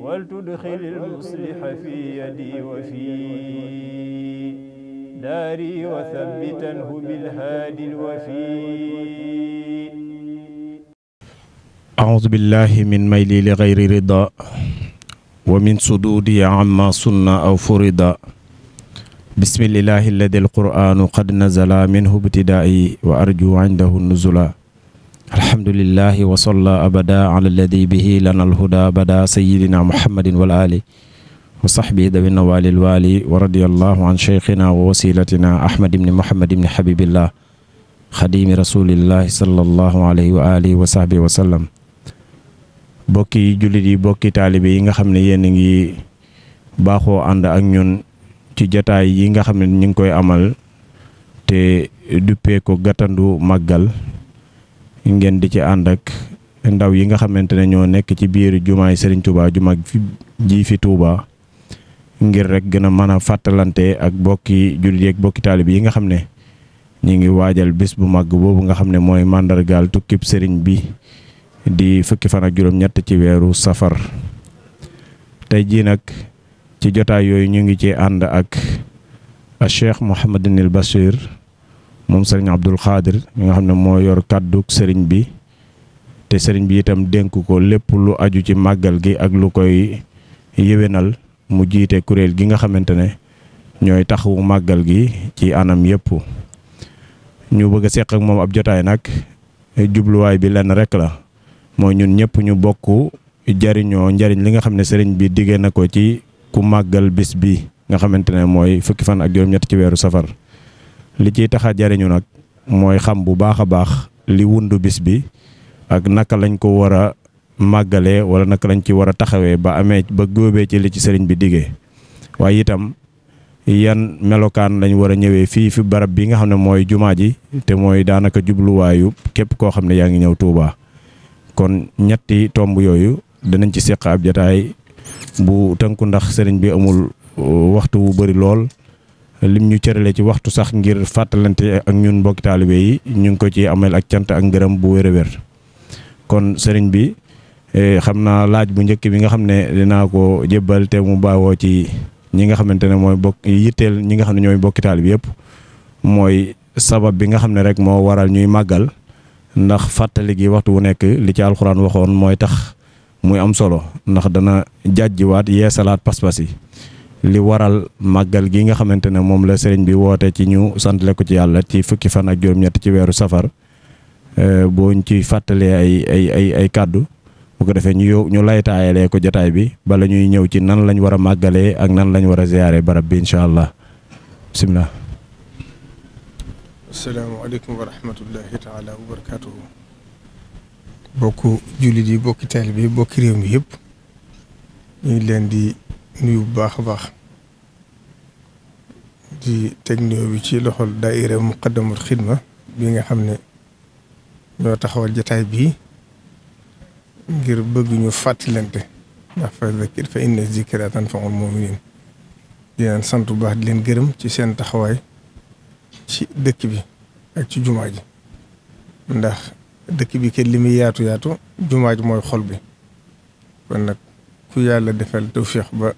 ولتدخل المصلح في يدي وفي داري وثبتنه بالهادي الوفي أعوذ بالله من ميلي لغير رضا ومن صدودي عما سن أو فرضا بسم الله الذي القرآن قد نزل منه ابتدائي وأرجو عنده النزلا alhamdulillahi wa salla abada ala alladi bihi lana alhuda bada sayidina muhammadin wal ali wa sahbihi dawi wali wa radiyallahu an cheikhina wasilatina ahmad ibni muhammad ibni habibillah xadimi rasulillahi sallallahu alayhi wa alihi wa sahbihi bokki jullit yi bokki taalibe yi nga xam ne yéen a ngi baaxoo ànd ci jataay yi nga xam ne ñu ngi koy amal te duppee ko gàttandu màggal ngeen di ci ànd ak ndaw yi nga xamante ne ñoo nekk ci biir jumaay Serigne Touba ju mag ji fi Touba ngir rek gën a mën a fàttalante ak bokki jullit yeeg bokki yi nga xam ne ñu ngi waajal bis bu màgg boobu nga xam ne mooy màndargaal tukkib sëriñ bi di fukki fan ak juróom-ñett ci weeru safar tey jii nag ci jotaay yooyu ñu ngi cee ànd ak Cheikh Mouhamadinil Bachir. moom sëriñ Abdul Xaadir mi nga xam ne moo yor kàddu sëriñ bi te sëriñ bi itam dénk ko lépp lu aju ci màggal gi ak lu koy yéwénal mu jiite kuréel gi nga xamante ne ñooy taxawu màggal gi ci anam yëpp. ñu bëgg a seq ak moom ab jotaay nag jubluwaay bi lenn rek la mooy ñun ñëpp ñu bokk jariñoo njariñ li nga xam ne sëriñ bi diggee na ko ci ku màggal bis bi nga xamante ne mooy fukki fan ak juróom-ñett ci weeru safar. li ciy tax jariñu nag mooy xam bu baax a baax li wundu bis bi ak naka lañ ko war a màggalee wala naka lañ ci war a taxawee ba amee ba góobee ci li ci sëriñ bi diggee waaye itam yan melokaan lañ war a ñëwee fii fi barab bi nga xam ne mooy jumaa ji te mooy daanaka jubluwaayu képp koo xam ne yaa ngi ñëw Touba kon ñetti tomb yooyu danañ ci seq ab jataay bu tënku ndax sëriñ bi amul uh, waxtu wu bari lool lim ñu cëralee ci waxtu sax ngir fàttalante ak ñun mbokki taalibe yi ñu ngi ko ci ameel ak cant ak ngërëm bu wér a wér kon sëriñ bi e, xam naa laaj bu njëkk bi nga xam ne dinaa ko jébbal te mu baawoo ci ñi nga xamante ne mooy bokk yitteel ñi nga xam ne ñooy mbokki taalibe yëpp mooy sabab bi nga xam ne rek moo waral ñuy màggal ndax fàttali gi waxtu wu nekk li ci alxuraan waxoon mooy tax muy am solo ndax dana jàjjiwaat yeesalaat pas-pas yi. li waral màggal gi nga xamante ne moom la sëriñ bi woote ci ñu santle ko ci yàlla ci fukki fan ak juróom-ñett ci weeru safar euh, booñ ci fàttalee ay ay ay kàddu bu ko defee ñu ñu laytaayalee ko jataay bi bala ñuy ñëw ci nan lañu war a màggalee ak nan lañu war a ziyaare barab bi incha allah bisimilah. asalaamaaleykum wa rahmatullahi taala wa bokk jullit yi bokki taalibe bi bokki réew mi yëpp ñu leen di nuyu bu baax a baax di teg nuyoo bi ci loxol daaira muqaddamul xidma bi nga xam ne ñoo taxawal jataay bii ngir bëgguñu ñu fàttalante ndax fa zakir fa inna zikra tanfa'ul mu'minin di leen sant bu baax di leen gërëm ci seen taxawaay ci dëkk bi ak ci jumaa ji ndax dëkk bi kat li muy yaatu yaatu jumaa ji mooy xol bi kon nag ku yàlla defal tawfiix ba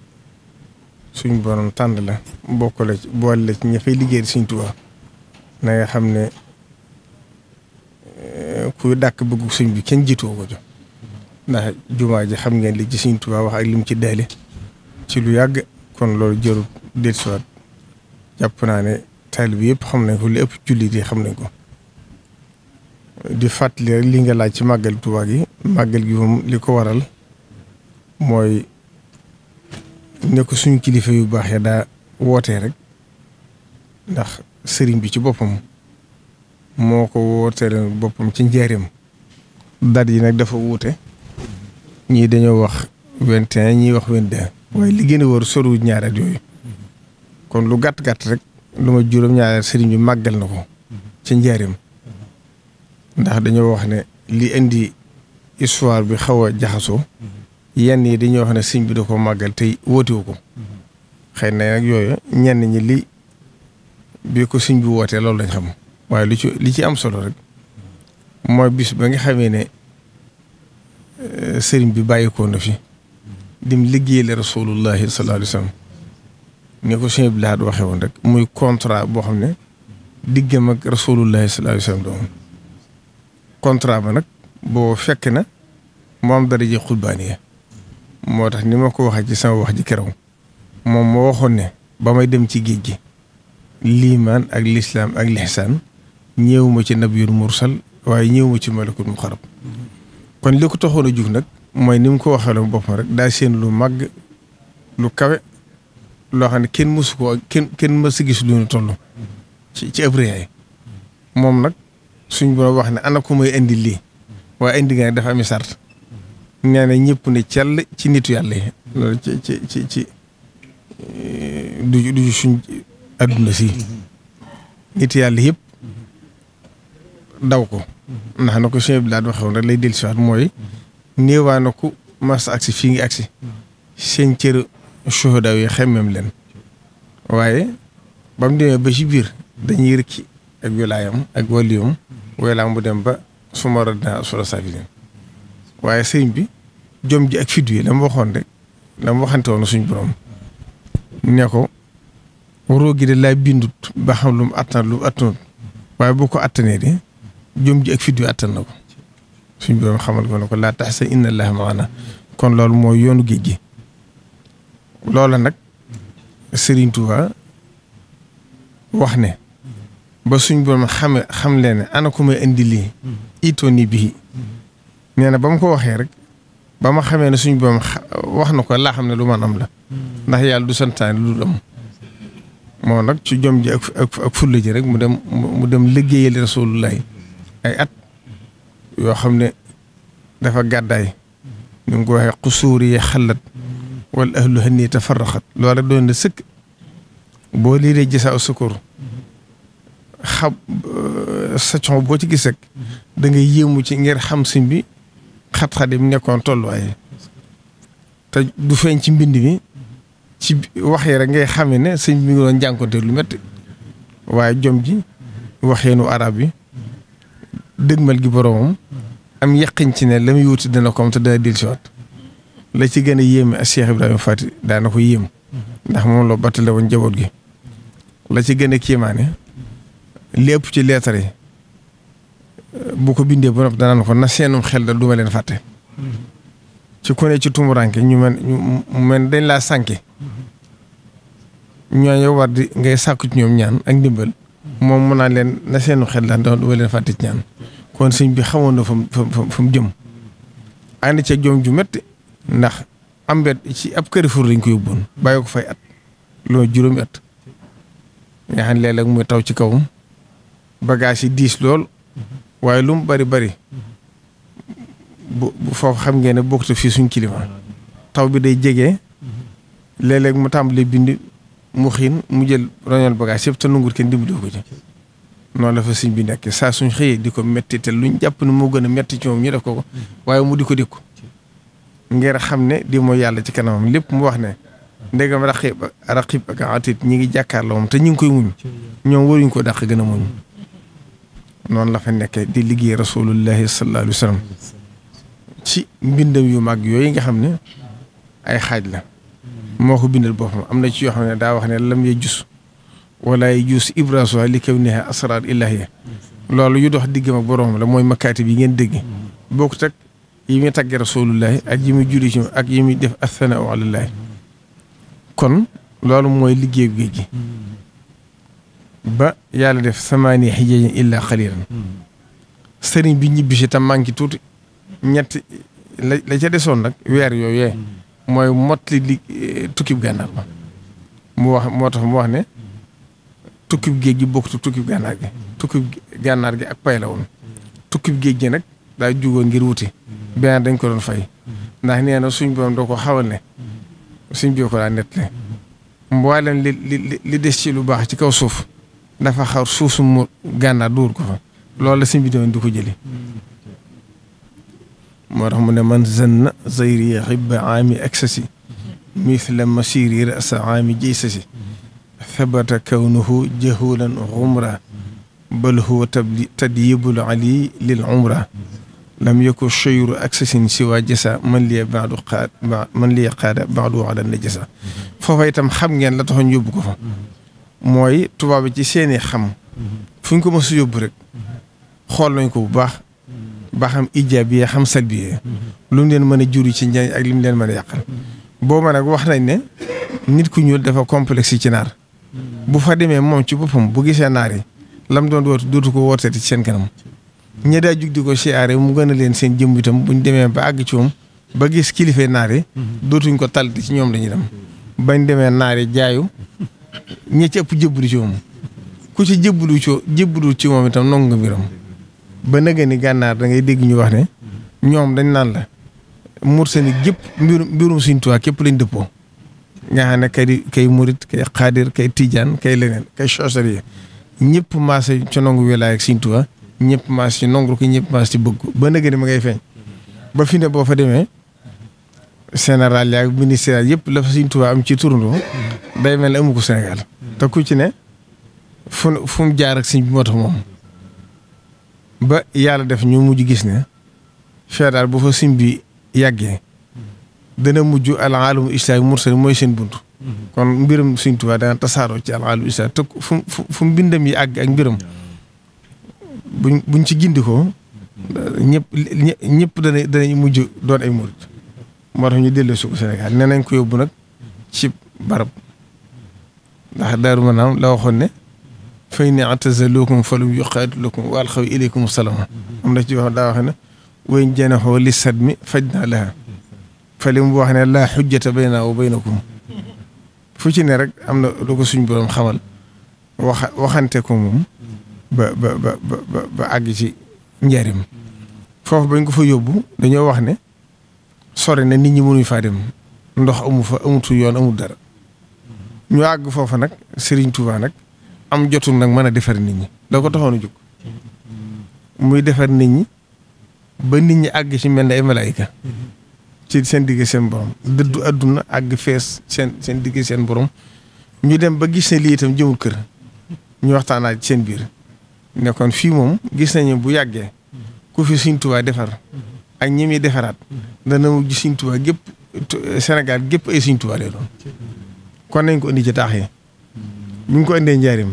suñ bon tànn la bokk la ci boole la ci ña fay liggéey suñ Tuubaa na nga xam ne eh, dàkk bëggu suñ bi kenn ko jox ndax jumaa ji xam ngeen li ci suñ Tuubaa ak lim ci deele ci lu yàgg kon loolu jëru dellusiwaat jàpp naa ne taalibe bi yëpp xam nañ ko li ëpp jullit yi xam nañ ko di fàttali rek li nga laaj ci màggal Tuubaa yi màggal gi moom li ko waral mooy nekk ko suñ kilifa yu baax ya daa wootee rek ndax sëriñ bi ci boppam moo ko wooteel boppam ci njaareem dat yi nag dafa wuute ñii dañoo wax vingt et un ñii wax vingt deux waaye li gën a war soru ñaar yooyu kon lu gàtt gàtt rek lu ma juróom ñaar sëriñ bi màggal na ko ci njaareem ndax dañoo wax ne li indi histoire bi xaw a jaxasoo yenn yi dañuy wax ne sëñ bi da ko màggal tey ko xëy na nag yooyu ñenn ñi li bi ko sëñ bi wootee loolu lañ xam waaye lu ci li ci am solo rek mooy bis ba nga xamee ne euh, sëriñ bi bàyyikoo na fi dim liggéey la rasulullahi sallallahu alayhi wa sallam ni ko sëñ bi laat waxee woon rek muy contrat boo xam ne diggam ak rasulullahi sallallahu alayhi wa doo doon contrat ba nag boo fekk na moom daraje xutbaani ya moo tax ni ma ko waxee ci sama wax ji keroog moom moo waxoon ne ba may dem ci géej gi liimaan ak lislaam ak lihsaan ñëwuma ci nabiyul mursal waaye ñëwuma ci mu xarab kon li ko taxoon a jug nag mooy ni mu ko waxee loolu boppam rek daa séen lu màgg lu kawe loo xam ne kenn mësu ko kenn kenn mësu gis lu ñu toll ci ci ab réyaay moom nag suñ boroom wax ne ana ko may indi lii waaye indi nga dafa ami sart nee na ñëpp ne cell ci nitu yàlla yi loolu ci ci ci ci eh, du du suñ si nitu yàlla yëpp daw ko ndax na ko sëñ bi daal waxoon rek lay dellusiwaat mooy néewaa na ko mas agsi fii ngi agsi seen cër suhudaa yi xemmeem leen waaye ba mu ba ci biir dañuy rëkki ak wilaayam ak waliyam walaam bu dem ba su ma war solo saafiliin waaye sëñ bi jom ji ak fit wi la ma waxoon rek la ma waxante woon suñ borom ne ko waroo gi de laa bindut ba xam lu mu attan lu attanut waaye boo ko attanee de jom ji ak fit wi attan na ko suñ borom xamal ko ne ko laa tax sa inna allaha maana kon loolu mooy yoonu géej gi loola nag Serigne Touba wax ne ba suñ borom xame xam leen ana ko may indi lii itoo nee na ba mu ko waxee rek ba ma xamee ne suñu boom wax na ko laa xam ne lu man am la hmm. ndax yàlla du santaane lu dul am moom nag ci jom ji ak ak ji rek mu dem mu dem liggéeyal rasulullahi ay at yoo xam ne dafa gàddaay ñu ngi ko waxee xusuur yi xalat wal ahlu hani tafarraxat loolu rek doon na sëkk boo liiree gisaa sukkur xam euh, sa coono boo ci gis rek hmm. da ci ngir xam sëñ bi xat-xat yi mu nekkoon tolluwaay te du feeñ ci mbind mi ci wax yi rek ngay xamee ne sëñ bi ngi doon jànkonte lu métti waaye jom ji wax waxeenu arab bi mal gi boroomam am yaqin ci ne la muy wuti dana ko am te dana dellusiwaat la ci gën a yéeme ak Cheikh Ibrahima Fati daana ko yéem ndax moom la battale woon njaboot gi la ci gën a kéemaane lépp ci leetar yi bu ko bindee ba dana danaan ko na seenum xel da duma leen fàtte. ci ku ci tumuranke ñu mel ñu mel dañ laa sànke ñooñu war di ngay sàkk ci ñoom ñaan ak ndimbal. moom mun naa leen na seenu xel daal dama duma leen fàtte ci ñaan. kon sëñ bi xawoon na fa mu mu jëm. ànd ceeg jom ju métti. ndax am ci ab këri fur lañ ko yóbbuwoon. bàyyi ko fay at. loolu juróomi at. nga xam ne léeg muy taw ci kawam. bagage yi diis lool. waaye lu mu bari bari bu foofu xam ngeen ne bokkut fii suñ climat taw bi day jege léeg mu tàmbali bind mu xiin mu jël roñal bagage yëpp te nungur kenn dimbali ko ci noonu la fa sëñ bi nekk saa suñ xëyee di ko métti te luñ jàpp ni moo gën a métti ci moom ñu def ko ko waaye mu di ko dikku ngir xam ne di moo yàlla ci kanamam lépp mu wax ne ndegam raqib raqib ak atit ñi ngi jàkkaarloo moom te ñi ngi koy muñ ñoom waruñ ko dàq gën a muñ noonu la fa nekkee di liggéey rasulullahi sallallahu alayhi wa sallam ci mbindam yu mag yooyu nga xam ne ay xaaj la moo ko bindal boppam am na ci yoo xam ne daa wax ne lam ya jus wala ya jus ibrasuha li kaw neexe asrar ilahiya loolu yu dox diggam ak borom la mooy makkaati bi ngeen dégg bokk tag yi muy tagge rasulullahi ak yi muy julli ci ak yi muy def asana alallahi kon loolu mooy liggéey géej gi ba yàlla def samaani xijajin illa xalilan sëriñ bi ñibbi si tam manqué tuuti ñetti la la ca desoon nag weer yooyee mooy motli li eh, tukkib gànnaar ba mu wax moo tax mu wax ne tukkib géej gi bokkut tukkib gànnaar gi tukkib gànnaar gi ak pay la woon tukkib géej gi nag daa jugoon ngir wuti benn dañ ko doon fay ndax nee na suñ borom doo ko xawal ne suñ bi ko daa nettali mboolem li li li des ci lu baax ci kaw suuf nafa xaw suuf su mu gànnaar duur ko fa loolu la jëli moo mu ne man zanna zayri xibba aami aksasi mithla masiri rasa aami jaysasi thabata kawnuhu jahulan xumra bal huwa ali lil umra lam yakun aksasin siwa jasa man liya baadu qaad man liya qaada baadu ala najasa ngeen la taxoon yóbbu ko mooy tubaab bi ci seeni xam fu ñu ko ma a yóbbu rek xool nañ ko bu baax ba xam ijaab bi xam sal bi lu leen mën a juri ci njëriñ ak li mu leen mën a yàqal booba nag wax nañ ne nit ku ñuul dafa complexe ci naar bu fa demee moom ci boppam bu gisee naar yi lam doon dootu dootu ko wootati ci seen kanam ñe daa jug di ko siyaare mu gën a leen seen jëmm itam ñu demee ba àgg ci moom ba gis kilifa naar yi mhm. dootuñ ko tal ci ñoom lañuy dem bañ demee naar yi ña ci ëpp ci moom ku ci jébbalu ci jébbalu ci moom itam nangu nga mbiram ba nëgë ni gànnaar da ngay dégg ñu wax ne ñoom dañ naan la mursali gépp mbirum mbirum Sëriñ Tuubaa képp lañ dëppoo. nga xam ne kay kay murit kay xaadir kay tijaan kay leneen kay chosari ñëpp maas ci nangu wilaay ak Sëriñ Tuubaa ñëpp maas ci nangu ko ñëpp maas ci bëgg ba nëgë ni ma ngay feeñ ba fi ne boo fa demee. général yi ak ministériel yëpp la fa am ci turandoo day mel ne amu ko Sénégal te ku ci ne fu fu mu jaar ak sëñ bi moo tax moom ba yàlla def ñu mujj gis ne feedaal bu fa sëñ bi yàggee dana mujj alaalamu islaam mursal mooy seen bunt kon mbirum Sëriñ Tuubaa dana tasaaroo ci alaalamu islaam te fu fu mbindam yi àgg ak ci gindikoo ñëpp ñëpp dana danañ mujj doon ay murit moo tax ñu delloo su ko Sénégal ko yóbbu nag ci barab ndax daaru maanaam la waxoon ne fay ne atazalukum falum yuqaatilukum wa alxaw ilaykum salama am na ci wax daa wax ne wayn janaxoo li sadmi faj naa laha fa li mu wax ne laa xujjata baynaa wa baynakum fu ci ne rek am na lu ko boroom xamal waxante ko moom ba ba ba ba àgg ci njariñ foofu bañ ko yóbbu dañoo wax ne sori na nit ñi mënuñu faa dem ndox amu fa amutu yoon amul dara ñu àgg foofa nag sëriñ Touba nag am jotul nag mën a defar nit ñi da ko taxoon a jóg muy defar nit ñi ba nit ñi àgg ci mel ne ay malaayika ci seen digg seen borom dëddu àdduna àgg fees seen seen digg seen borom ñu dem ba gis ne lii itam jëmul kër ñu waxtaanaat seen biir ne kon fii moom gis nañu bu yàggee ku fi Serigne defar ak ñi muy defaraat dana mu gis Sëriñ Tuubaa gépp Sénégal gépp ay Sëriñ Tuubaa lay doon kon nañ ko indi ci taax yi ñu ngi ko indee njaarim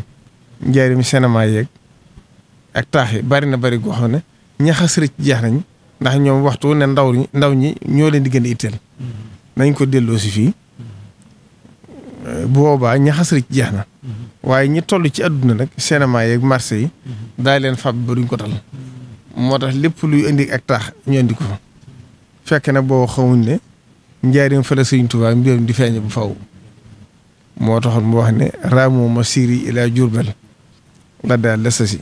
njaarim cinéma yeeg ak taax yi bari na bari goo xam ne ñaxas rëcc jeex nañ ndax ñoom waxtu ne ndaw ñi ndaw ñi ñoo leen di gën a itteel nañ ko delloo si fii boobaa ñaxas rëcc jeex na waaye ñi toll ci àdduna nag cinéma yeeg marché yi daay leen fab ba ko tal moo tax lépp lu indi ak taax ñu ko fa fekk na boo xamuñ ne njaarim fala la sëñ Tuubaa mbiram di feeñ bu faw moo taxoon mu wax ne raamu ma siri ila jurbel la daal la sasi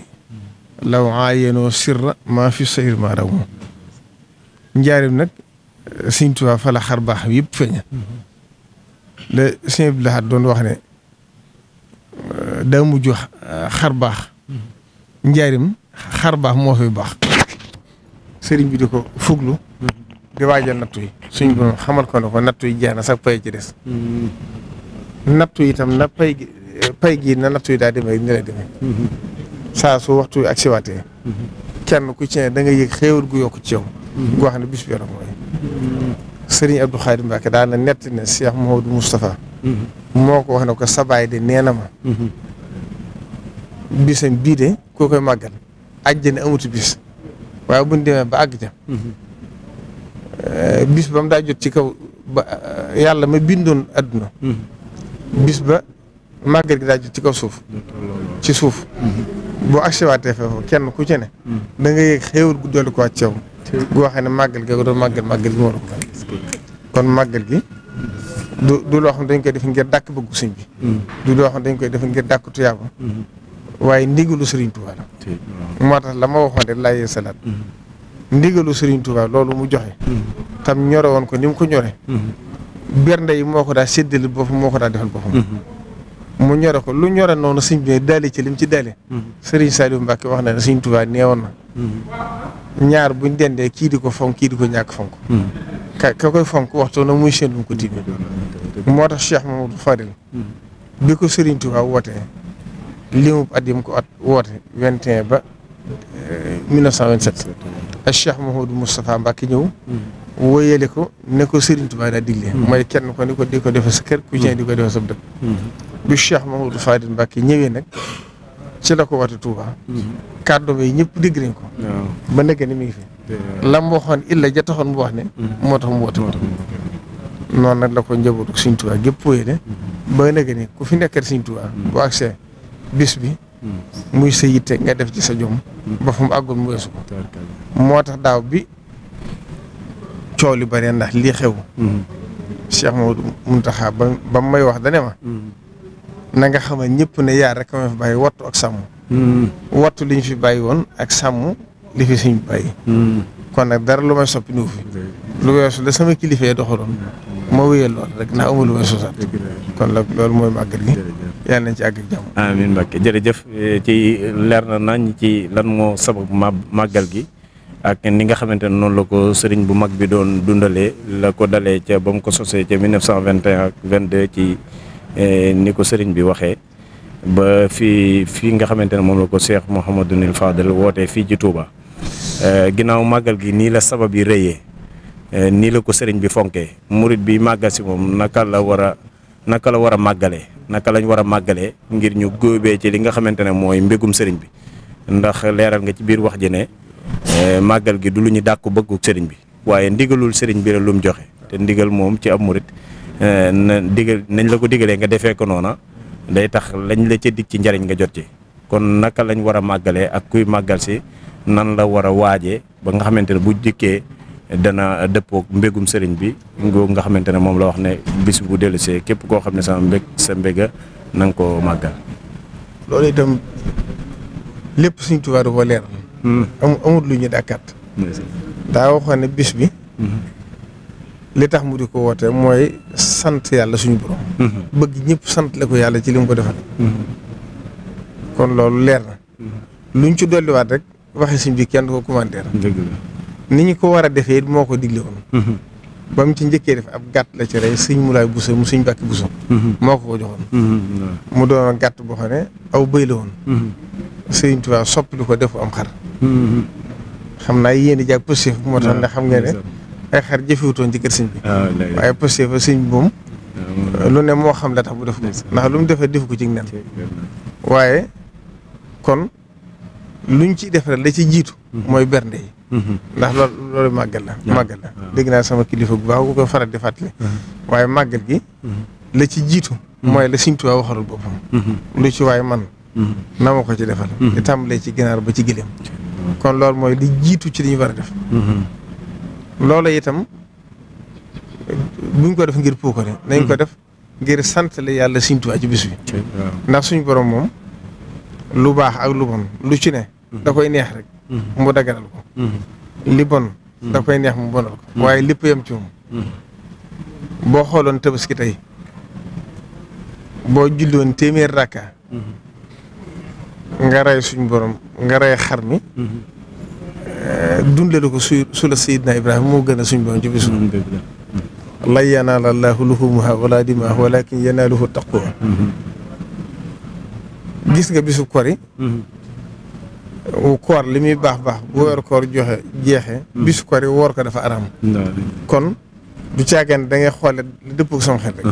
law aayeenoo sirra maa fi sayir ma raamu njaarim nag sëñ Tuubaa fa la xar baax yëpp feeña la sëñ bi laxaat doon wax ne daa mujj xar baax mm-hmm. njaarim xar baax moo fi baax. sëriñ bi di ko fuglu. di waajal nattu yi. suñ borom xamal ko ne ko nattu yi jeex na sax pay ci des. nattu yi itam na pay gi gii na nattu yi daa deme ni la demee. saa su waxtu yi ak kenn ku ci ne da nga yëg xéewal gu yokku ci yow. goo xam ne bis bi yaram mooy. sëriñ daal nett ne Cheikh Mouhamadou Moustapha. ko wax ne ko sabaay de nee na ma. Mhm. bisam bii de koo koy màggal. àjjana amutu bis waaye buñ demee ba àgg mhm. eh, bis ba mu daa jot ci kaw ba eh, yàlla ma bindoon adduna mhm. bis ba màggal gi daa jot ci kaw suuf ci suuf mhm. boo agsiwaatee foofu kenn ku ci ne da nga yëg xéewal gu dolli ko wàcceew gu waxee ne màggal gi doon màggal màggal gi moo doon kon màggal gi du du loo xam dañ koy def ngir dàkk bëggu suñ bi du loo xam dañ koy def ngir dàkk tuyaaba waaye ndigalu Serigne Touba la. ma waxoon rek laay mm-hmm. ndigalu Serigne Touba loolu mu joxe. Mm-hmm. tam ñore woon ko ni mu ko ñore. Mm-hmm. bernde moo ko daa séddale boppam moo ko daa defal boppam. mu ñore ko lu ñore noonu sëñ bi daale ci lim ci daale. Serigne Saliou Mbacke wax na ne Serigne Touba neewoon na. ñaar buñ dendee kii di ko fonk kii di ko ñàkk fonk. ka ka koy fonk waxtu na muy séntu ko tibbee. moo tax Cheikh Mamadou Fadil. bi ko Serigne Touba wootee. limub at yim ko at woote 21 ba 1927 euh, ak Cheikh Mouhamadou Moustapha Mbacke ñëw hmm. woyale ko ne ko Serigne Touba daa digle hmm. mooy kenn ko ni ko di ko defe sa kër ku ci di ko defe sa dëkk hmm. bi Cheikh Mouhamadou Fadil Mbacke ñëwee nag ci la ko woote Touba kàddoom yi ñëpp dégg ko ba nekk ni mi ngi fi la mu waxoon illa ja taxoon mu wax ne moo tax mu woote ko noonu nag la ko njabootu Serigne Touba gépp woyale ba nekk ku fi nekkal Serigne Touba bu accès bis bi muy sa yitte nga def ci sa jom ba fu mu àggul mu weesu ko moo tax daaw bi coow li bari ndax lii xew Cheikh Mamadou Mountakha ba ba may wax dane ma na nga xamal ñëpp ne yaar rek ma fi bàyyi wattu ak sàmm wattu li ñu fi bàyyi woon ak sàmm li fi suñ bàyyi kon nag dara lu may soppi niwu fi lu weesu la sama kilifa doxaloon ma wéyal lool rek naa amul lu may sosaat kon la loolu mooy màggal gi yàlla nañ ci àgg ak jàmm. amiin Mbacke jërëjëf ci leer na nañ ci lan moo sabab ma màggal gi ak ni nga xamante ne noonu la ko sëriñ bu mag bi doon dundale la ko dale ca ba mu ko sosee ca 1921 ak 22 ci eh, ni ko sëriñ bi waxee ba fii fii nga xamante ne moom la ko Cheikh Mouhamadou Fadel wootee fii ci Touba. Eh, ginnaaw màggal gi nii la sabab yi rëyee eh, nii la ko sëriñ bi fonkee murit bi màggal si moom naka la war naka la war a màggalee naka lañ war a màggalee ngir ñu góobee ci li nga xamante ne mooy mbégum sëriñ bi ndax leeral nga ci biir wax ji ne eh, màggal gi du lu ñu dàkku bëggu sëriñ bi waaye ndigalul sëriñ bi la lum joxe te ndigal moom ci ab murit eh, na digal nañ la ko digalee nga defee ko noona day tax lañ la ca dig ci njariñ nga jot ci kon naka lañ war a màggalee ak kuy màggal si nan la war a waajee ba nga xamante ne bu dikkee dana dëppoog mbégum sëriñ bi ngoogu nga xamante ne moom la wax ne bis bu dellusee képp koo xam ne sama mbég sa mbéga na nga koo màggal. loolu itam lépp suñ tubaab da koo leer. Hmm. amut lu ñu daa waxoon ne bis bi. Hmm. li tax mu di ko mooy sant yàlla suñu borom. Hmm. bëgg ñëpp sant la ko yàlla ci li ko defal. loolu leer na. luñ ci dolliwaat rek waxi suñ bi kenn ko commentaire. dëgg la. ni ñu ko war a defee moo ko digle woon mhm. ba mu ci njëkkee def ab gàtt la ci rey sëñ Mulaay Buso mu sëñ Bàkki Buso mhm. moo ko ko joxoon mhm. mu doon gàtt boo xam ne aw bëy la woon sëñ Tuubaa soppili ko defu am xar xam naa yéen jàpp pëstéef moo tax ah, ndax xam nga ne ay xar jëfewutoon ci kër sëñ bi ah, waaye pëstéef sëñ bi moom ah, lu ne moo xam la tax bu def ko ndax lu mu defee def ko ci nen waaye kon luñ ci def rek la ci jiitu mooy bernde yi ndax loolu loolu màggal la màggal la dégg naa sama kilifa bu baax bu ko faral di fàttali mm-hmm. waaye màggal gi mm-hmm. la ci jiitu mm-hmm. mooy la Sëriñ Tuubaa boppam lu ci waaye man na ko ci defal di tàmbalee ci ginaar ba ci gëléem kon loolu mooy li jiitu ci li ñu war a def loolu itam buñ ko def ngir puukare nañ ko def ngir sant yàlla Sëriñ Tuubaa ci bis bi ndax suñu borom moom lu baax ak lu bon lu ci ne da koy neex rek mu daganal ko li bon da koy neex mu bonal ko waaye lépp yam ci moom boo xooloon tabaski tey boo julloon téeméer rakka nga rey suñ borom nga rey xar mi eh, dundale ko su su la sayidna ibrahima gën a suñ borom ci bisu lan yanaala llaahu luhumuha wala dimaahu walakin yanaaluhu taqwa gis nga bisu kori koor li muy baax baax bu weeru koor joxe jeexee hmm. bisu woor ko dafa araam kon du caageen dangay ngay xoole li dëpp sama xel rek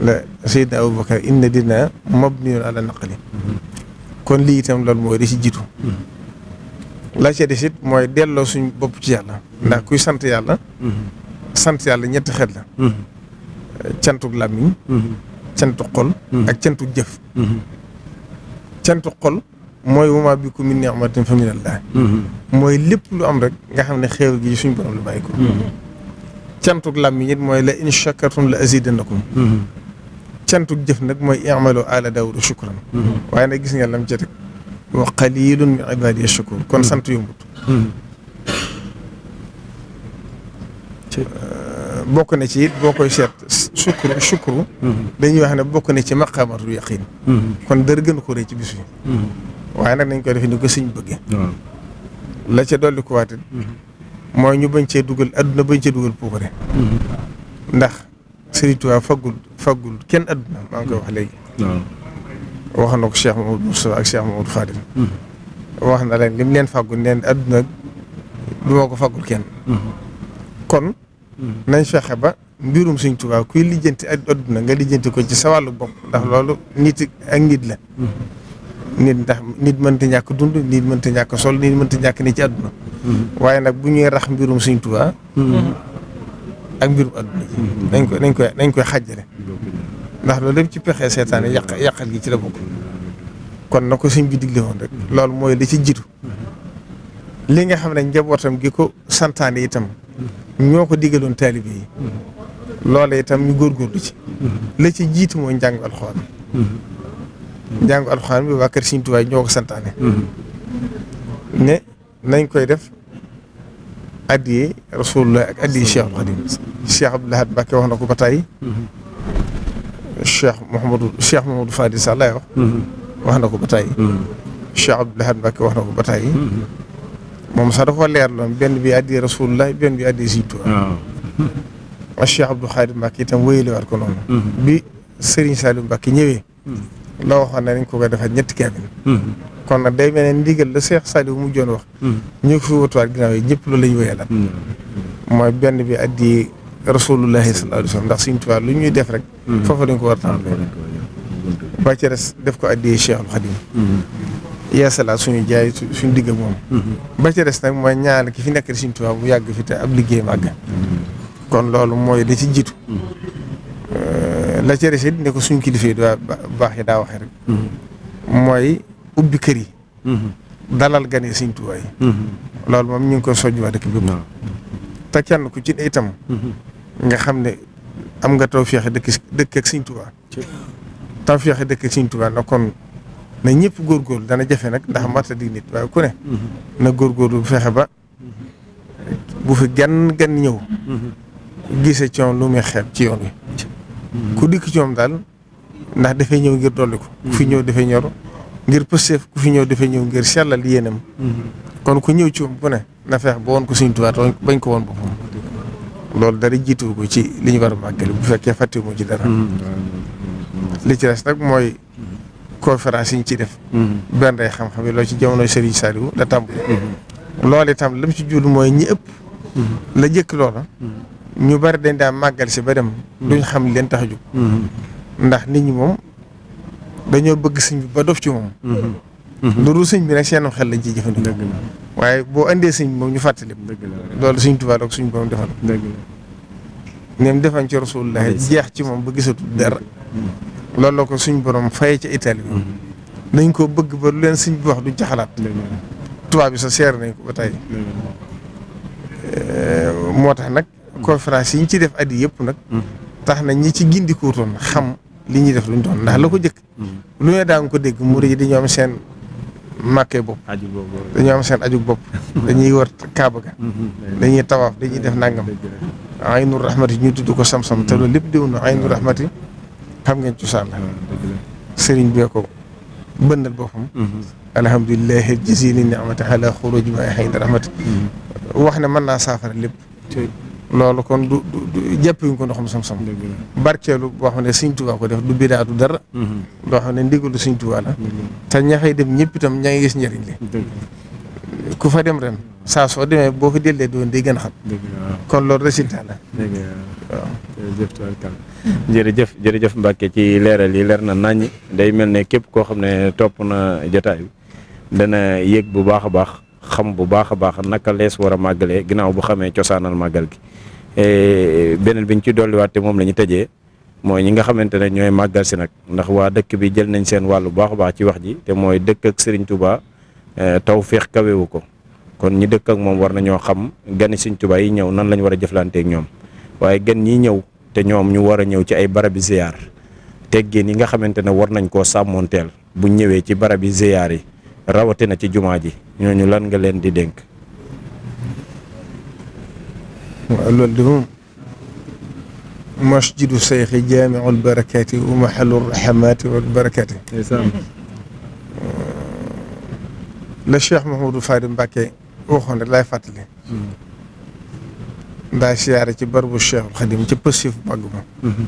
la Seydina Aboubacar inna dina mabniyun ala naqli hmm. kon lii itam loolu mooy di ci jiitu hmm. la ca des mooy delloo suñ bopp ci yàlla ndax kuy sant yàlla sant yàlla ñetti xel la cantuk làmmiñ cantu xol ak cantu jëf cantu xol mooy wama bikum min ni'matin fa minallah mhm. mooy lépp lu am rek nga xam ne xéewal gi suñu borom lu bàyyi ko mhm. cantuk làmmiñ it mooy la in shakartum la azidannakum mhm. cantuk jëf nag mooy i'malu ala daawuda shukran waaye nag gis nga lam ca teg wa qalilun min ibadiya shakur kon sant yombut euh, bokk na ci it boo koy seet shukru wax ne bokk na ci maqaamatul yaqin kon dara gën ko rëy ci bis waaye nag nañ koy defee ni ko sëñ bëggee la ca dolli ko waate mm-hmm. mooy ñu bañ cee dugal àdduna bañ cee dugal puukare mm-hmm. ndax Sëriñ Tuubaa faggul faggul kenn adduna maa ngi koy wax léegi wax na ko Cheikh Mamadou Moussa ak Cheikh Mamadou Fadil mm-hmm. wax na leen lim leen faggul neen àdduna du ko faggul kenn kon nañ fexe ba mbirum Sëriñ Tuubaa kuy lijjanti adduna nga lijjanti ko ci sa wàllu bopp ndax loolu nit ak nit la nit ndax nit mënta ñàkk dund nit mënta ñàkk sol nit mënta ñàkk ni ci àdduna mm-hmm. waaye nag bu ñuy rax mbirum Sëñ Tuubaa mm-hmm. ak mbirum àdduna ji mm-hmm. nañ ko nañ koy nañ koy xàjjale ndax loolu lépp ci pexe seetaan yàq yàqal gi ci la bokk kon na ko sëñ bi digle woon rek loolu mooy li ci jiitu li nga xam ne njabootam gi ko santaane itam ñoo ko digaloon taalibe yi loolu itam ñu góorgóorlu ci la ci jiitu mooy njàng alxuraan jàngu alxuraan bi waa kër ñoo ko santaane mhm. ne nañ koy def addiyee rasulullah ak addiyee Cheikh Xadim Cheikh Abdou wax na ko ba tàyyi Cheikh Mouhamadou Cheikh Mouhamadou Fadi sax mhm. wax na ko ba tàyyi Cheikh mhm. Abdou Lahad wax na ko ba moom sax da ko leerloon benn bi addiyee rasulullah benn bi addiyee Sëriñ Tuubaa ak Cheikh Abdou Khadim Mbacké itam wéyalewaat ko noonu bi Serigne Saliou Mbacké ñëwee la waxoon na nañ ko ko defal ñetti kaamil mm-hmm. kon nag day mel ne ndigal la Seex Saaliw mu joon wax mm-hmm. ñu ko fi wutuwaat ginnaaw yi loolu la ñu wéyalaat mm-hmm. mooy benn bi addi rasulullahi sallallahu alayhi wa ndax Sëriñ Tuubaa lu ñuy def rek foofu dañ ko war a ba ci def ko addi Cheikhul Khadim yeesalaat suñu jaay suñu digg moom ba ci res nag mooy ñaar ki fi nekk Sëriñ Tuubaa bu yàgg fi te ab liggéey kon loolu mooy da ci jiitu euh, la cere resit ne ko suñ kilifa yi daa baax yi daa waxee rek mooy ubbi kër yi dalal gane Sëriñ Tuubaa yi loolu moom ñu ngi koy sojj waa dëkk bi te kenn ku ci ne itam nga xam ne am nga taw feexe dëkk dëkk ak Sëriñ Tuubaa taw dëkk ak Sëriñ Tuubaa na kon na góor góorgóorlu dana jafe nag ndax marta di nit waaye ku ne na góorgóorlu bu fexe ba bu fi gan gan ñëw mm-hmm. gise coon lu muy xeeb ci yoon wi ku dikk ci moom daal ndax dafay ñëw ngir dolli ko. ku fi ñëw dafay ñor ngir pësteef ku fi ñëw dafay ñëw ngir sellal yéenam. kon ku ñëw ci moom bu ne na feex ba woon ko suñu tubaab bañ ko woon boppam. loolu dara jiitu ko ci li ñu war a màggali bu fekkee fàtte moo ci dara. li ci des nag mooy conférence yi ñu ciy def. benn day xam-xam yi loolu ci jamono Serigne Saliou la tàmbali. loolu itam lam ci juul mooy ñi ëpp. la jëkk loola. ñu bari dañ daa màggal si ba dem. Hmm. ñu xam leen tax a jóg. Hmm. ndax nit ñi moom dañoo bëgg sëñ bi ba dof ci moom. Hmm. lu dul sëñ bi nag seenam xel la ciy jëfandikoo. dëgg waaye boo indee sëñ bi moom ñu fàttali. dëgg la loolu suñ tubaab suñ borom defal. dëgg la ñoom defan ci rasulullah jeex ci moom ba gisatul dara. loolu la ko suñu borom fayee ca Italie bi. nañ ko bëgg ba lu leen sëñ bi wax duñ ca xalaat. tubaab bi sa seer nañ ko ba tey. Eh, moo tax nag. conférence yi ñu ci def at yi yëpp nag. Mm. tax na ñi ci gindikuutoon xam li ñu def luñ doon ndax la ko jëkk. Mm. lu ne daa ko dégg murid yi dañu am seen màkkee bopp. dañoo am seen ajug bopp. dañuy war kaaba ga. Mm-hmm. dañuy tawaaf dañuy def nangam. aynu rahmati ñu tudd ko sam-sam loolu lépp déw na aynu mm-hmm. rahmati xam ngeen cosaan la mm-hmm. sëriñ bee ko bëndal boppam alhamdulilahi jazili ni'mati ala xuruj ma ay na rahmati wax ne man naa saafara lépp loolu kon du du jàppewuñ ko ndoxum sam-sam barkeelu boo xam ne Sëñ Tuubaa ko def du bidaa du dara mhm. loo xam ne ndigalu Sëñ Tuubaa la te ña dem ñëpp itam ña ngi gis njëriñ li ku fa dem ren saa soo demee boo ko dellee doon day gën a xam loolu résultat la waaw jërëjëf jërëjëf jërëjëf ci leeral yi leer na naññ day mel ne képp koo xam ne topp na jotaay dana yëg bu baax a baax xam bu baax a baax naka lees war a màggalee ginnaaw bu xamee cosaanal màggal gi beneen bi ñu ci dolliwaat te moom la ñu tëjee mooy ñi nga xamante ne ñooy màggal si nag ndax waa dëkk bi jël nañ seen wàll wàllu baax a baax ci wax ji te mooy dëkk ak Serigne Touba eh, taw feex kawewu ko kon ñi dëkk ak moom war nañoo xam gani Serigne Touba yi ñëw nan la ñu war a jëflanteeg ñoom waaye gan ñi ñëw te ñoom ñu war a ñëw ci ay barabi ziyaar teggeen yi nga xamante ne war nañ koo sàmmoonteel bu ñëwee ci barabi ziyaar yi rawatina ci jumaa ji ñooñu lan nga leen di dénk. waaw loolu de moom masjidu seyxi jaamiul barakaati wa mahalu rahamaati wal la Cheikh Mahmoudou Fadi Mbacke waxoon rek laay fàttali ndaa hmm. siyaare ci barbu Cheikh Xadim ci pësif bàgg ma hmm.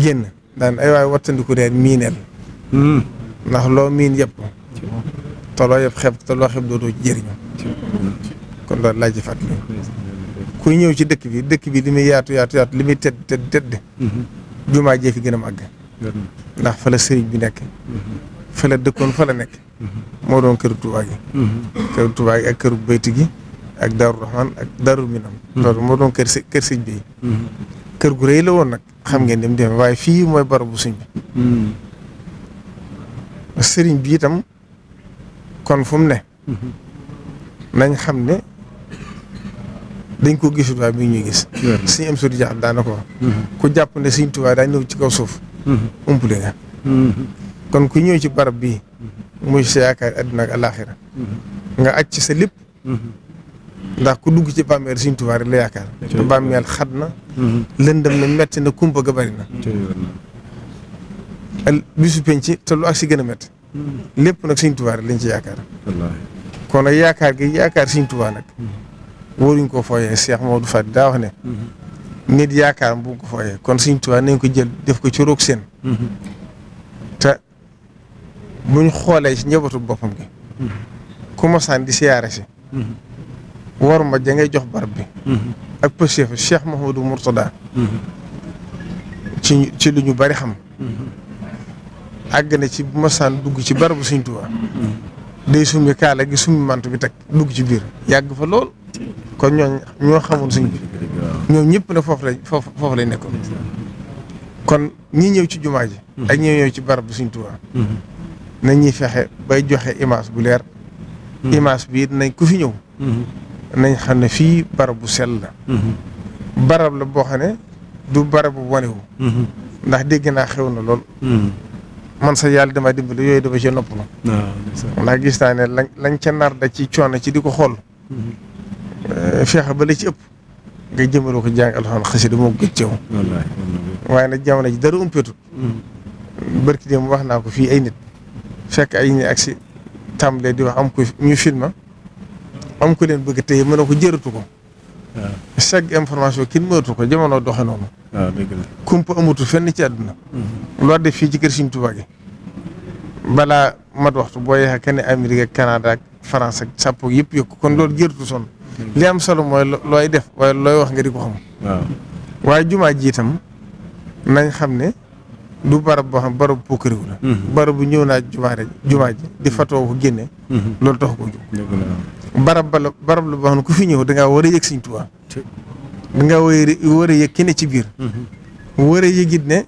génn daan ay waay wattandiku deen miineel hmm. ndax loo miin yëpp te loo yëpp xeeb te doodoo ci kon loolu laaj ci ku ñëw ci dëkk bi dëkk bi li muy yaatu yaatu yaatu li muy tedd tedd tedd mm-hmm. jumaa jee fi gën a màgg ndax fa sëriñ bi nekk mm-hmm. fa dëkkoon fa nekk mm-hmm. moo doon këru Tuubaa këru Tuubaa gi ak këru bayti gi loolu moo doon kër kër sëñ bi kër gu rëy la woon nag xam ngeen ni mu demee waaye fii mooy barabu sëñ bi sëriñ bi itam kon fu mu ne nañ xam ne dañ koo gisul waaye mi ngi ñuy gis. suñu am sori jaaxal daana ko wax. Mm-hmm. ku jàpp ne Sëriñ Tuubaa daa ci kaw suuf. Mm-hmm. umpule nga. Mm-hmm. kon ku ñëw ci barab bii. muy sa yaakaar àdduna ak nga aj ci sa lépp. ndax ku dugg ci bàmmeel Sëriñ Tuubaa rek la yaakaar. te bàmmeel xat na. lëndëm na metti na kumpa ga bari na. al bisu penc te lu si gën lépp nag Sëriñ Tuubaa lañ ci yaakaar. kon nag yaakaar gi yaakaar Sëriñ wóoruñ ko fooyee Cheikh Maodo Fadi daa wax mhm. nit yaakaar bu ko fooyee kon Sëriñ Tuubaa nañ ko jël def ko ci roog seen mhm. te buñ xoolee ci njabootu boppam gi mhm. ku si ma ja jox barab bi ak pëcceefu Cheikh Mouhamadou ci ci ñu bari xam àgg na ci bu mosaan dugg ci barabu Sëriñ Tuubaa day summi kaala gi summi mant bi teg dugg ci biir yàgg fa lool kon ñooñ ñoo xamoon sëñ bi ñoom ñëpp na foofu lañ foofu foofu lañ nekkoon kon ñi ñëw ci jumaa ji mm-hmm. ak ñi ñëw ci barab bu sëñ Tuubaa mm-hmm. nañ ñuy fexe bay joxe image bu leer mm-hmm. image bi nañ ku fi ñëw nañ xam ne fii barab bu sell la barab la boo xam ne du barab bu wanewu ndax dégg naa xew na lool man sa yàlla dama dimbali yooyu dama ci nopp la ah, ndax gis naa ne lañ ca nar da ci coono ci di ko xool Eh, feexe ba la ci ëpp nga jëmale ko jàng alxuraan xasida moo gëj waaye nag jamono ji dara umpeetu hmm. barki dem wax naa ko fii ay nit fekk ay nit ak si tàmbalee di wax am ko ñu filma am ko leen bëgg te mën a ko jëratu ko chaque information kin mënatu ko jamono doxe noonu kumpa amatul fenn ci àdduna hmm. loolu def fii ci kër Sëriñ Tuubaa gi balaa mat waxtu boo yeexa kenn Amérique ak Canada ak France ak yëpp yëkk kon loolu jëratu sonn li am solo mooy looy def waaye looy wax nga di ko xam. waaye jumaa ji itam nañ xam ne du barab boo xam barab pukkariwu la. Mm-hmm. barab bu ñëw naa jumaa rek jumaa ji di mm-hmm. fatoo ko génne. Mm-hmm. loolu tax ko jóg. barab ba la barab boo xam ne ku fi ñëw da ngaa war a yëg Sëñ Tuubaa. da ngaa war a yëg ki ne ci biir. war a yëgit ne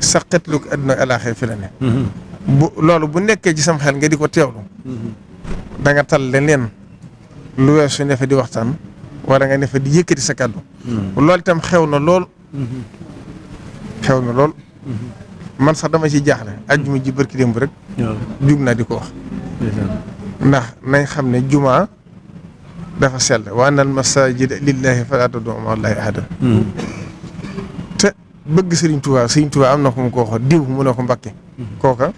sa xetlu ko àdduna alaaxee fi la ne. bu loolu bu nekkee ci sam xel nga di ko teewlu. da nga tal leneen. lu weesu ne fa di waxtaan wala nga ne fa di yëkkati sa kàddu. Hmm. loolu tam xew na lool. Hmm. xew na lool. Hmm. man sax dama ci jaaxle ajjuma ji barki démb rek. jug naa di ko ndax nañ xam ne jumaa dafa sell wa anna al masajida lillahi falaa tad'u doomu llahi ahada te bëgg Serigne Touba Serigne Touba am na ko mu ko waxoon diw mu ne ko Mbàkke. kooka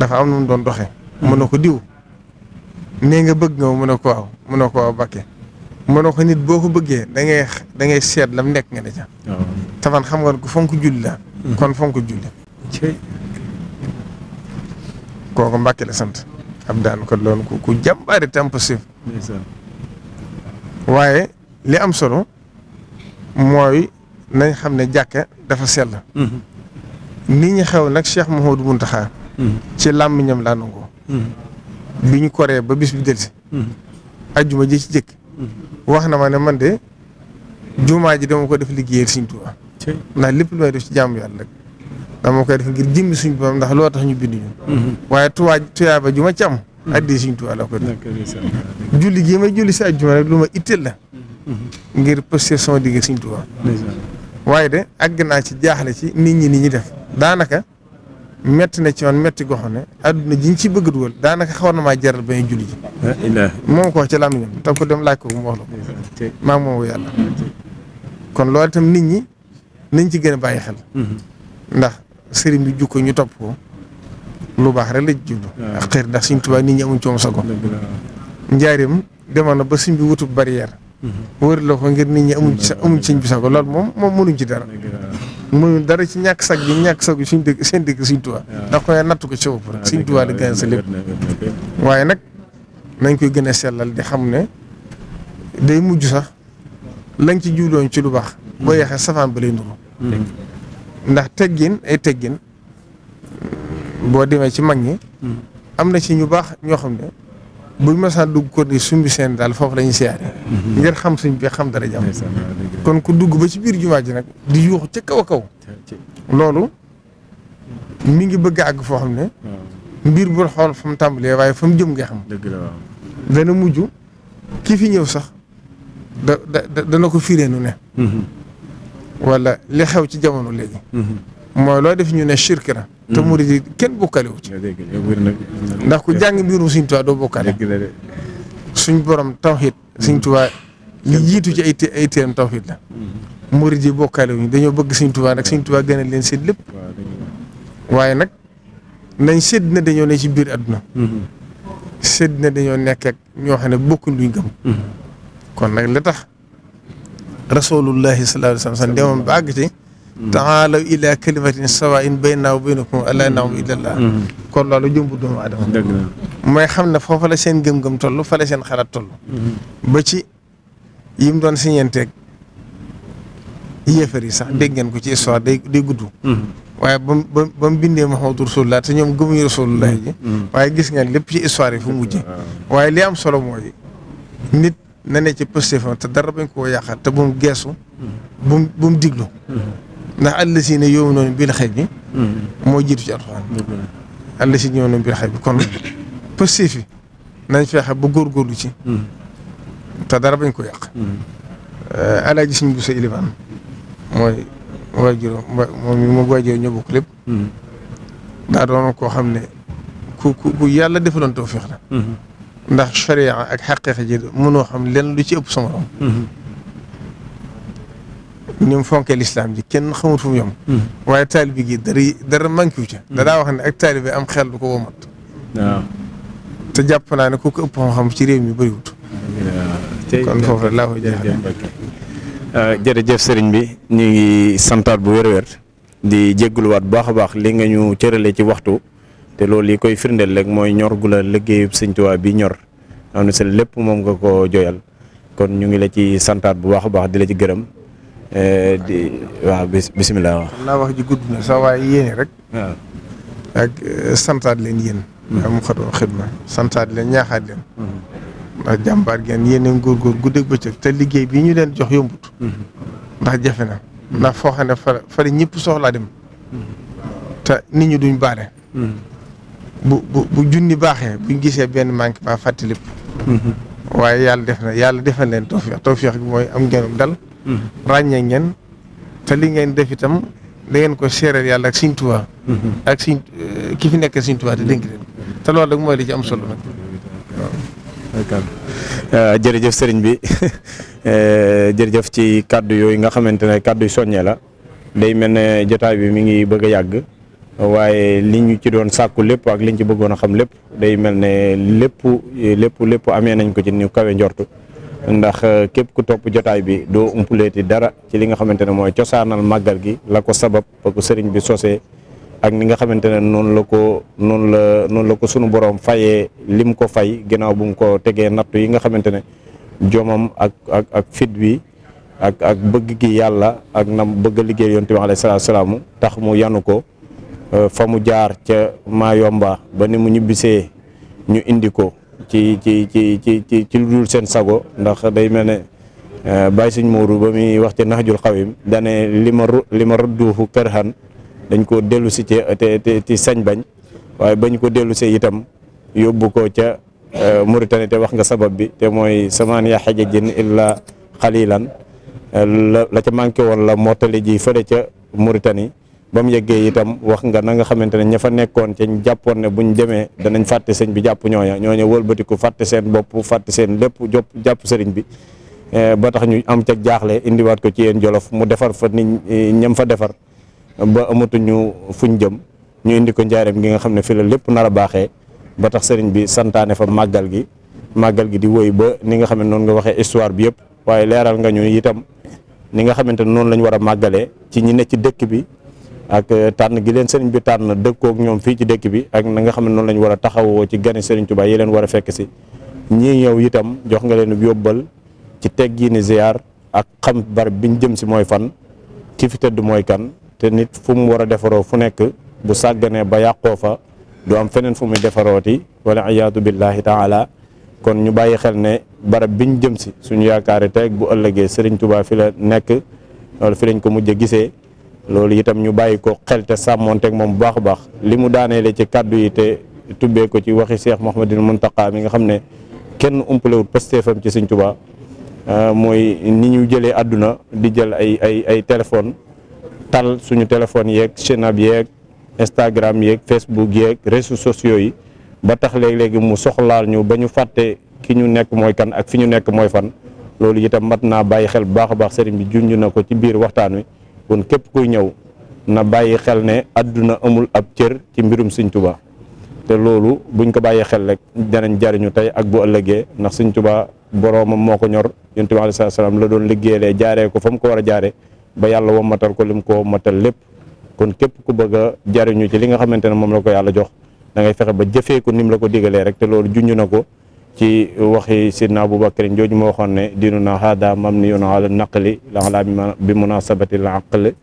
dafa am nu mu doon doxee. mu ne ko diw. nee nga bëgg nga mu ne ko waaw mu ne ko waaw Bakke mu ne ko nit boo ko bëggee dangay ngay da ngay seet lam nekk nga ne ca. Ah. te xam nga ko fonk julli la mm. kon fonk julli. kooku Mbàkke la sant. ab daan ko loon ku ku jàmbaari tempsif waaye li am solo mooy nañ xam ne jàkka dafa sell. Mm-hmm. nit ñi xew nag Cheikh Mouhamadou Mountakha. Mm-hmm. ci làmmiñam laa nangoo. Mm-hmm. bi ñu koree ba bis bi a juma ji ci jëkk wax na ma ne man de jumaa ji dama ko def liggéeyal Sëriñ Tuubaa ndax lépp lu may def ci jàmm yàlla rek dama koy def ngir jëmmi suñ borom ndax loo tax ñu bind ñu mm-hmm. waaye tuwaa tuyaaba ju ma ci am mm-hmm. addi Sëriñ Tuubaa la ko def julli gii may julli si ajjuma rek lu ma itteel la mm-hmm. ngir poster sama digg Sëriñ Tuubaa waaye de agg naa ci jaaxale ci nit ñi ni ñi def daanaka metti na ci man metti goxo ne adduna ji ñu ci bëgg dugal daanaka xaw na maa jaral ba ñu julli ji. moom ko ci lam ñam te ko dem laaj ko mu la ko. maa moom yàlla. kon loolu itam nit ñi nañ ci gën a bàyyi xel. Mm-hmm. ndax sëriñ bi jukko ñu topp ko lu baax rek la ci jublu. ak xëy ndax suñ tubaab nit ñi amuñ coono sa gox. njaarim demoon na ba suñ bi wutub barrière. wër la ko ngir ni ñi amuñ ci amuñ ci sëñ bi sago loolu moom moom mënuñ ci dara mënuñ dara ci ñàkk sag bi ñàkk sagu suñ dëkk seen dëkk suñ tuwa ndax ko ko ci ëpp rek suñ tuwa di gën sa lépp waaye nag nañ koy gën a sellal di xam ne day mujj sax lañ ci juuloon ci lu baax boo mm. yeexee safaan ba lay nduru mm. ndax teggin ay teggin boo demee ci mag ñi mm. am na ci ñu baax ñoo xam ne buñ masaan dugg ko di sumbi seen daal foofu lañuy siyaare mhm. ngir xam suñ bi xam dara jàmm kon ku dugg ba ci biir jumaa ji nag di yuuxu ca kaw a kaw loolu mi ngi bëgg àgg foo xam ne mbir bul xool fa mu tàmbalee waaye fa mu jëm nga xam dana mujj ki fi ñëw sax da da dana ko firee nu ne mhm. wala li xew ci jamono léegi mhm. mooy loo def ñu ne shirk na. te hmm. murid yi kenn bokkalewu ci. ndax ku jàng mbirum Sëriñ Tuubaa doo bokkale. suñ borom tawhid Sëriñ hmm. Tuubaa li jiitu ci ay ay téeram tawhid la. Hmm. murid yi bokkale wuñ dañoo bëgg Sëriñ Tuubaa nag Sëriñ Tuubaa gën a leen seet lépp. waaye nag nañ seet na dañoo ne ci biir àdduna. seet na dañoo nekk ak ñoo xam ne bokkuñ luñ gëm. kon nag la tax rasulullahi sallallahu alayhi wa sallam demoon ba àgg ci. taalaw ila kalimatin sawaa'in baynanaa wa baynakum allaa na'buda illallaah kon loolu jëmbu doomu aadama mooy xam ne foofa la seen gëm-gëm toll fa la seen xalaat toll ba ci yi mu doon siñeenteeg yéefar yi sax dégg ngeen ko ci histoire day day gudd waaye ba mu ba mu bindee Muhammadu Rasulullah te ñoom gëmuñu Rasulullah ji waaye gis ngeen lépp ci histoire yi fu mujje waaye li am solo mooy nit na ci pëstéefam te dara bañ koo yàqal te bu mu geesu bu mu ndax allasiina yu'minuuna bil ghaybi mm-hmm. moo jiitu ci alxuraan. Mm-hmm. allasiina yu'minuuna bil ghaybi kon pësté fi nañ fexe ba góorgóorlu ci. Mm-hmm. te dara bañ ko yàq. Euh, alaaji suñ bu sa ilibaan mooy waajur moom moom waajur daa doon koo xam ne ku ku ku yàlla defaloon tawfiix la. ndax sharia ak xaqiiqa ji mënoo xam lenn lu ci ëpp sama morom. ni mu fonkee lislaam ji kenn xamut fu mu yomb. Hmm. waaye taalibe gi dara dara manqué wu ca. Hmm. danaa wax ne ak taalibe am xel du ko te jàpp naa ne ko ëpp xam-xam ci réew mi bëriwut. kon euh, jërëjëf sëriñ bi ñu ngi santaat bu wér-wér di bu baax a baax li nga ñu cërale ci waxtu te loolu yi koy firndeel rek mooy ñor gu la liggéeyub Sëñ Tuubaa bi ñor am na seen lépp moom nga ko joyal kon ñu ngi la ci santaat bu baax a baax di la ci gërëm. Eh, di waaw bisimilah xam naa wax ji gudd na sax waaye yéene rek. waaw ak eh, santaat leen yéen. Hmm. am xatoo xidma santaat leen ñaaxaat leen. Hmm. ndax jàmbaar ngeen yéen a góorgóor guddeeg bëccëg te liggéey bi ñu leen jox yombut. Hmm. ndax jafe na. ndax foo xam ne fa fa ñëpp soxlaa dem. te nit ñu duñ baale. bu bu bu junni baaxee buñ gisee benn manque ba fàtte lépp. waaye yàlla def na yàlla defal leen tawfeex tawfeex bi mooy am ngeenum dal. ràññee ngeen te li ngeen def itam da ngeen ko séeréer yàlla ak Sëriñ Tuubaa mm-hmm. ak Sëriñ eh, ki fi nekk Sëriñ Tuubaa te dénk leen te loolu rek mooy li ci am solo nag euh, jërëjëf sëriñ bi euh, jërëjëf ci kàddu yooyu nga xamante ne kàddu yu soññee la day mel ne jotaay bi mi ngi bëgg a yàgg waaye li ñu ci doon sàkku lépp ak liñ ci bëggoon a xam lépp day mel ne lépp lépp lépp amee nañ ko ci ñu kawe njortu ndax euh, képp ku topp jotaay bi doo umpuleeti dara ci li nga xamante ne mooy cosaanal màggal gi la ko sabab ba ko sëriñ bi sosee ak ni nga xamante ne noonu la ko noonu la noonu la ko sunu boroom fayee lim ko fay ginnaaw bu mu ko tegee nattu yi nga xamante ne jomam ak ak fit bi ak ak bëgg gi yàlla ak na bëgg a liggéey yonent bi alayhi salaatu salaam tax mu yanu ko euh, fa mu jaar ca Mayomba ba ni mu ñibbisee ñu indi ko. ci ci ci ci ci ci lu dul seen sago ndax day mel ne bàyyi suñ muuru ba muy wax ci naxjul xawim dane li ma li ma radduufu dañ ko dellusi ci te sañ bañ waaye bañ ko dellusee itam yóbbu ko ca eh, Mauritanie te wax nga sabab bi te mooy samaan yaa xajajin illa xalilan eh, la ca manqué woon la mottali ji fële ca Mauritanie ba mu yeggee itam wax nga na nga xamante ne ña fa nekkoon ca ñu jàppoon ne ñu jemee danañ fàtte sëñ bi jàpp ñooña ñooña wëlbatiku fàtte seen bopp fàtte seen lépp jop jàpp sëriñ bi eh, ba tax ñu am ca jaaxle indiwaat ko ci yéen jolof mu defar fa nit eh, ñam fa defar ba amatuñu fuñ jëm ñu indi ko njaareem gi nga xam ne fi la lépp nar a baaxee ba tax sëriñ bi santaane fa màggal gi màggal gi di woy ba ni nga xam ne noonu nga waxee histoire bi yëpp waaye leeral nga ñu itam ni nga xamante ne noonu lañ war a màggalee ci ñi ne ci dëkk bi ak eh, tànn gi leen sëriñ bi tànn dëkkook ñoom fii ci dëkk bi ak na nga xam ne noonu lañ war a taxawoo ci gani sëriñ Tuubaa yi leen war a fekk si ñii ñëw itam jox nga leen yóbbal ci teggiini ziyaar ak xam barab biñ jëm si mooy fan ki fi tëdd mooy kan te nit fu mu war a defaroo fu nekk bu sàgganee ba yàqoo fa du am feneen fu muy defarooti wala iyaatu billahi taala kon ñu bàyyi xel ne barab biñ jëm si suñu yaakaari teeg bu ëllëgee sëriñ Tuubaa fi la nekk loolu fi lañ ko mujj gisee loolu itam ñu bàyyi ko xel te sàmmoonteeg moom bu baax a baax li mu daaneele ci kàddu yi te tubbee ko ci waxi Cheikh Mouhamadul Mountakha mi nga xam ne kenn umpalewut pasteefam ci Sëñ Tuubaa euh, mooy ni ñu jëlee àdduna di jël ay ay ay téléphone tal suñu téléphone yeeg Snap yeeg Instagram yeeg Facebook yeeg réseaux sociaux yi ba tax léegi-léegi mu soxlaal ñu ba ñu fàtte ki ñu nekk mooy kan ak fi ñu nekk mooy fan loolu itam mat naa bàyyi xel bu baax a baax sëriñ bi junj na ko ci biir waxtaan wi kon képp kuy ñëw na bàyyi xel ne àdduna amul ab cër ci mbirum Sëñ Tuubaa te loolu buñ ko bàyyee xel rek danañ jariñu tey ak bu ëllëgee ndax Sëñ Tuubaa boroomam moo ko ñor yonent bi alayhi salaam la doon liggéeyalee jaaree ko fa mu ko war a jaare ba yàlla wommatal ko lim ko wommatal lépp kon képp ku bëgg a jariñu ci li nga xamante ne moom la ko yàlla jox da ngay fexe ba jëfee ko nim la ko digalee rek te loolu junj na ko ci waxi sidna Aboubacar njooju moo waxoon ne diinu na haada mabniyun ala naqli lala bi munasabati al aql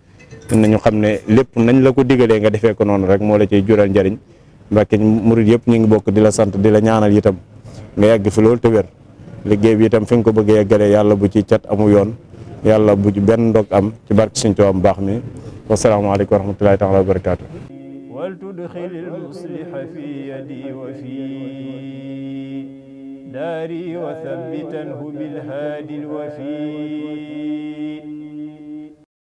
nañu xam ne lépp nañ la ko digalee nga defee ko noonu rek moo la ciy jural njëriñ Mbàkke murid yëpp ñu ngi bokk di la sant di la ñaanal itam nga yàgg fi loolu ta wér liggéey bi itam fi nga ko bëgg yeggalee yàlla bu ci cat amu yoon yàlla bu ci benn ndog am ci barke Sëñ Tuubaa baax mi wasalaamaaleykum wa rahmatulahi taala wa barakaatu wal tudxilil داري وثبتا بالهادي الوفي